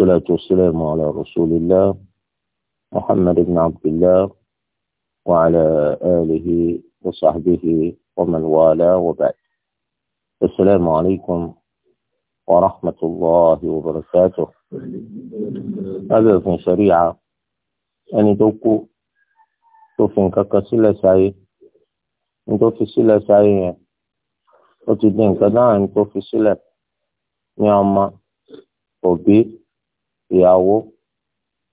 والصلاة والسلام على رسول الله محمد بن عبد الله وعلى آله وصحبه ومن والاه وبعد السلام عليكم ورحمة الله وبركاته هذا في شريعة أن يدوكو توفين كاكا سيلا ساي توفي سيلا ساي وتدين كدان توفي سيلا نعمة وبيت ìyàwó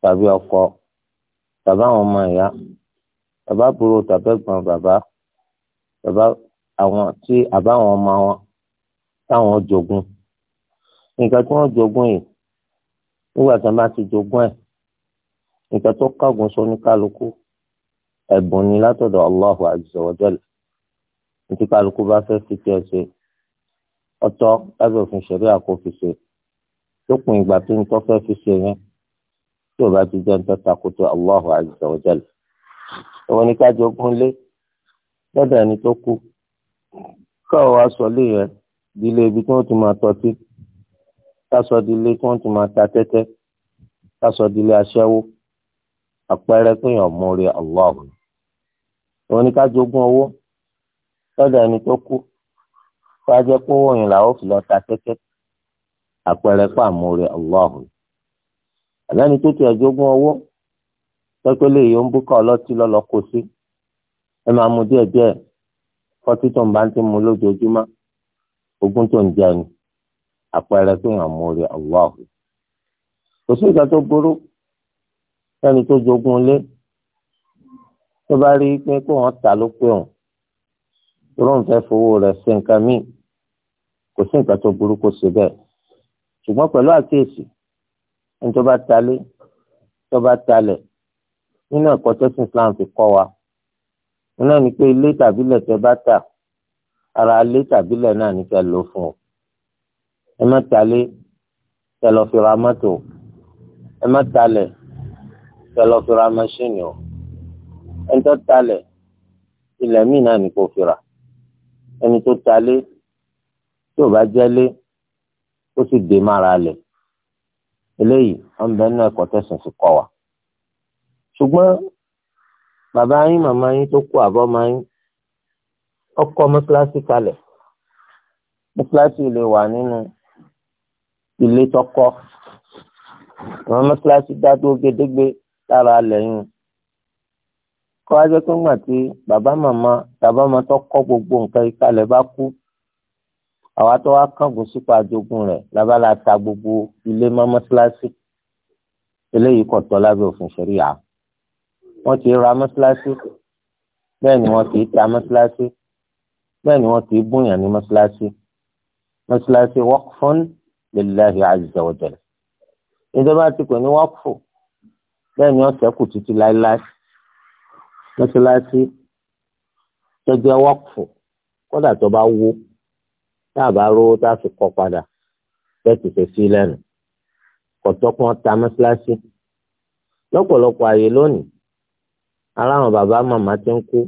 tàbí ọkọ tàbí àwọn ọmọ ìyá tàbí àbúrò tàbí ẹ̀gbọ́n bàbá tàbí àwọn tí àbáwọn ọmọ wọn táwọn jogún nǹkan tí wọ́n jogún yìí nígbà tí wọ́n bá ti jogún ẹ̀ nǹkan tó kángun sóní kálukú ẹ̀bùn ni látọ̀dọ̀ Allahu azza wa jalla ní tí kálukú bá fẹ́ fi tiẹ̀ ṣe ọ̀tọ̀ lábẹ́ òfin ṣẹ̀rí àkófìṣe lópin ìgbà tó ń tọ́ fẹ́ fi ṣe yẹn tí ò bá ti jẹ́ ń tọ́ takoto Allahu azza wa jalla ìwọ ni ká jogún lé lọ́dọ̀ ẹni tó kú káwọ́ wa sọ lé yẹn di ilé ibi tí wọ́n ti máa tọ́tí ká sọ tí wọ́n ti máa ta tẹ́tẹ́ ká sọ aṣẹ́wó àpẹẹrẹ péyàn mórí Allahu ìwọ ni ká jogún owó lọ́dọ̀ ẹni tó kú ká jẹ́ pé owó yẹn làwọn fi lọ ta tẹ́tẹ́ àpẹẹrẹ pàmòrè Allahu àlẹ́ni tó ti ẹ̀jọ́gún owó pẹ́pẹ́lẹ́ yìí ń búkọ́ ọlọ́tí lọ́lọ́ kó sí ẹ máa mu díẹ̀ díẹ̀ fọ́tí tó ń bá ń ti mu lójoojúmọ́ ogún tó ń jẹ ni àpẹẹrẹ pé àmòrè Allahu kò sí ìgbà tó burú lẹ́ni tó jogún lé tó bá rí pé kó wọ́n ta ló pé òun tó lóun fẹ́ fowó rẹ̀ ṣe nǹkan míì kò sí nǹkan tó burú kó ṣe bẹ́ẹ̀ ṣùgbọ́n pẹ̀lú àkíyèsí ẹni tó bá talé tó bá talẹ̀ nínú ẹ̀kọ́ tẹ́sán Islam fi kọ́ wa nínú ẹni pé ilé tàbí ilẹ̀ tẹ́ bá tà ara ilé tàbí ilẹ̀ náà ní kẹ́ lò fún o ẹ má talé kẹ́ lọ fi ra mọ́tò ẹ má talẹ̀ kẹ́ lọ fi ra mọ́ṣíìnì o ẹni tó talẹ̀ ilẹ̀ míì náà ní kò fi rà ẹni tó talé tí ò bá jẹ́lé ó sì dé mára lẹ̀ eléyìí wọn bẹ nínú ẹ̀kọ́ tẹ̀sán fi kọ́ wa. ṣùgbọ́n bàbá yín màmá yín tó kú àbọ̀ máa yín ọkọ mọ́sálásí kalẹ̀ mọ́sálásí lè wà nínú ilé tọkọ àwọn mọ́sálásí dádúró gédégbé lára lẹ́yìn kọ́ ajẹ́ pé ńgbà tí bàbá màmá bàbá màmá tó gbogbo nǹkan ìkalẹ̀ bá kú àwa tó wá kángun sípò àjogún rẹ̀ lábala ta gbogbo ilé mọ́ mọ́sálásí eléyìí kò tọ́ lábẹ́ òfin ṣẹ̀ríà wọ́n ti ra mọ́sálásí bẹ́ẹ̀ ni wọ́n ti ta mọ́sálásí bẹ́ẹ̀ ni wọ́n ti búyàn ní mọ́sálásí mọ́sálásí waqfun lillahi azza wa ìjọba ti pè ní waqfu bẹ́ẹ̀ ni wọ́n sẹ́kù títí láéláé mọ́sálásí tó jẹ́ waqfu kódà tó bá wó tá a bá rówó tá a fi kọ́ padà bẹ́ẹ̀tì ṣe sí lẹ́nu kọ̀tọ́kùn ta mọ́ṣáláṣí lọ́pọ̀lọpọ̀ ààyè lónìí aláwọn bàbá màmá ti ń kú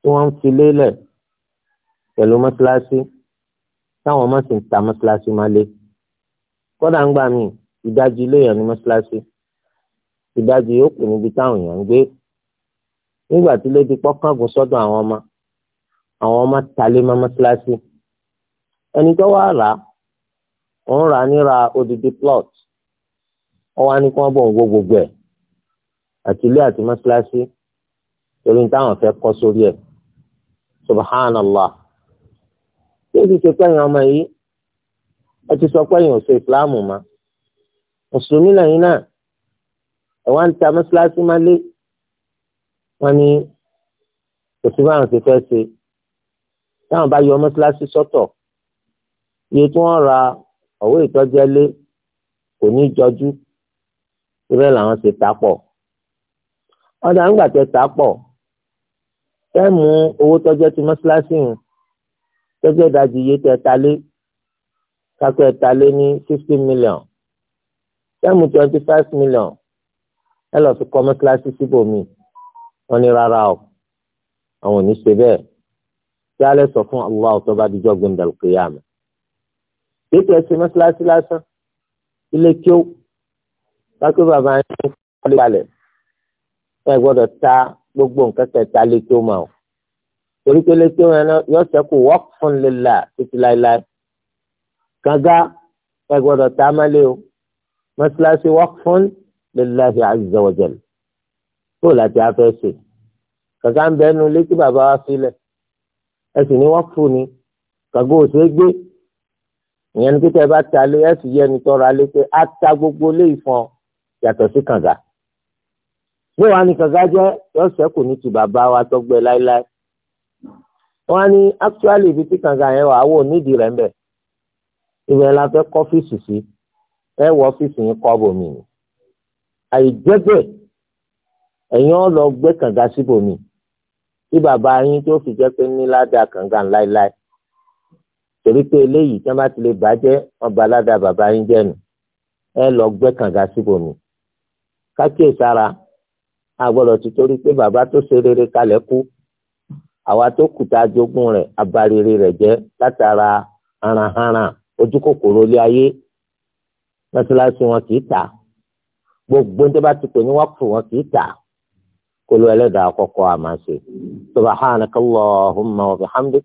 tí wọ́n ń fi lélẹ̀ pẹ̀lú mọ́ṣáláṣí táwọn ọmọ sì ń ta mọ́ṣáláṣí máa lé kódà ń gbà mí ìdajì ilé èèyàn ní mọ́ṣáláṣí ìdajì yòókù níbi táwọn èèyàn ń gbé nígbà tí lé di pọ́kàngùn sọ́dọ̀ àwọn ọmọ àwọn ọmọ talé mọ́ mọ́ṣáláṣí ẹni tó wá rà ó ń rà níra odidi plot ó wá ní kí wọ́n bọ̀ ń wó gbogbo ẹ̀ àti ilé àti mọ́ṣáláṣí torí táwọn fẹ́ kọ́ sórí ẹ̀ subhanallah tí èsì ṣe pẹ́yìn ọmọ yìí ẹ ti sọ pẹ́yìn òṣè ìsìláàmù ma mùsùlùmí lẹ́yìn náà ẹ̀ wá ń ta mọ́ṣáláṣí má lé wọn ni kò sí báwọn ṣe fẹ́ ṣe táwọn bá yọ mọ́ṣáláṣí sọ́tọ̀ iye tí wọ́n ra ọ̀wé ìtọ́jẹ́lé kò ní jọjú ibẹ̀ làwọn ṣe ta pọ̀ ọ̀dà ńgbà tẹ ta pọ̀ tẹ́ mú owó tọ́jẹ́ ti mọ́ṣáláṣí yẹn tọ́jẹ́ ìdajì iye tẹ ta lé kakọ ẹ ta lé ní fifty million tẹ́ mú twenty five million ẹ lọ fi kọ́ mọ́ṣáláṣí síbòmíì wọ́n ní rárá o àwọn ò ní ṣe bẹ́ẹ̀ tí alẹ́ sọ fún Allah tó bá dijọ́ gbẹ̀ndàlùkìyàmù ètò ẹsẹ mọ́ṣáláṣí lásán ilé kí ó wákò bàbá yín kọ́lé balẹ̀ ẹ gbọ́dọ̀ ta gbogbo nǹkan kẹta lé kí ó mà ó torí pé lé kí ó yẹn náà yọ sẹ́kù wọ́ọ̀k fún lílà títí láéláé gàgà ẹ gbọ́dọ̀ ta mọ́lé o mọ́ṣáláṣí wọ́ọ̀k fún lílà fi azza wa jal láti afẹ́ ṣe gàgà ń bẹ́ẹ̀ lé kí bàbá wa sílẹ̀ ẹ sì ní wọ́ọ̀k fún ni gàgà òṣèré ìyẹn ní pípẹ́ bá ta lé ẹ̀sì yẹ ẹni tọrọ alẹ́ pé á ta gbogbo ilé ìfọn yàtọ̀ sí kànga yóò wá ní kànga jẹ́ yọ sẹ́kù ní ti bàbá wa tọ́gbẹ́ láéláé wọ́n á ní actually ibi tí kànga yẹn wà á wò nídìí rẹ̀ ń bẹ̀ ìbẹ̀rẹ̀ la fẹ́ kọ́ ọ́fíìsì sí ẹ wọ ọ́fíìsì yín kọ́ bòmí ni àìjẹ́ bẹ́ẹ̀ ẹ̀yin ọ lọ gbẹ́ kànga síbòmí tí bàbá yín tó fi jẹ́ pé ní ládàá kànga láéláé torí pé eléyìí tí wọn bá ti lè bàjẹ́ ọba aládàá bàbá yín jẹ́nu ẹ lọ gbẹ́ kànga síbòmí kákíyè sára a gbọ́dọ̀ ti torí pé bàbá tó ṣe rere kalẹ̀ kú àwa tó kù tá a jogún rẹ̀ abariri rẹ̀ jẹ́ látara haranharan ojú kòkòrò ilé ayé mọ́ṣáláṣí wọn kì í tà gbogbo ní bá ti pè ní wọ́n kù wọn kì í tà kólú ẹlẹ́dàá kọ́kọ́ àmàṣe subhanakallahumma wa bihamdik.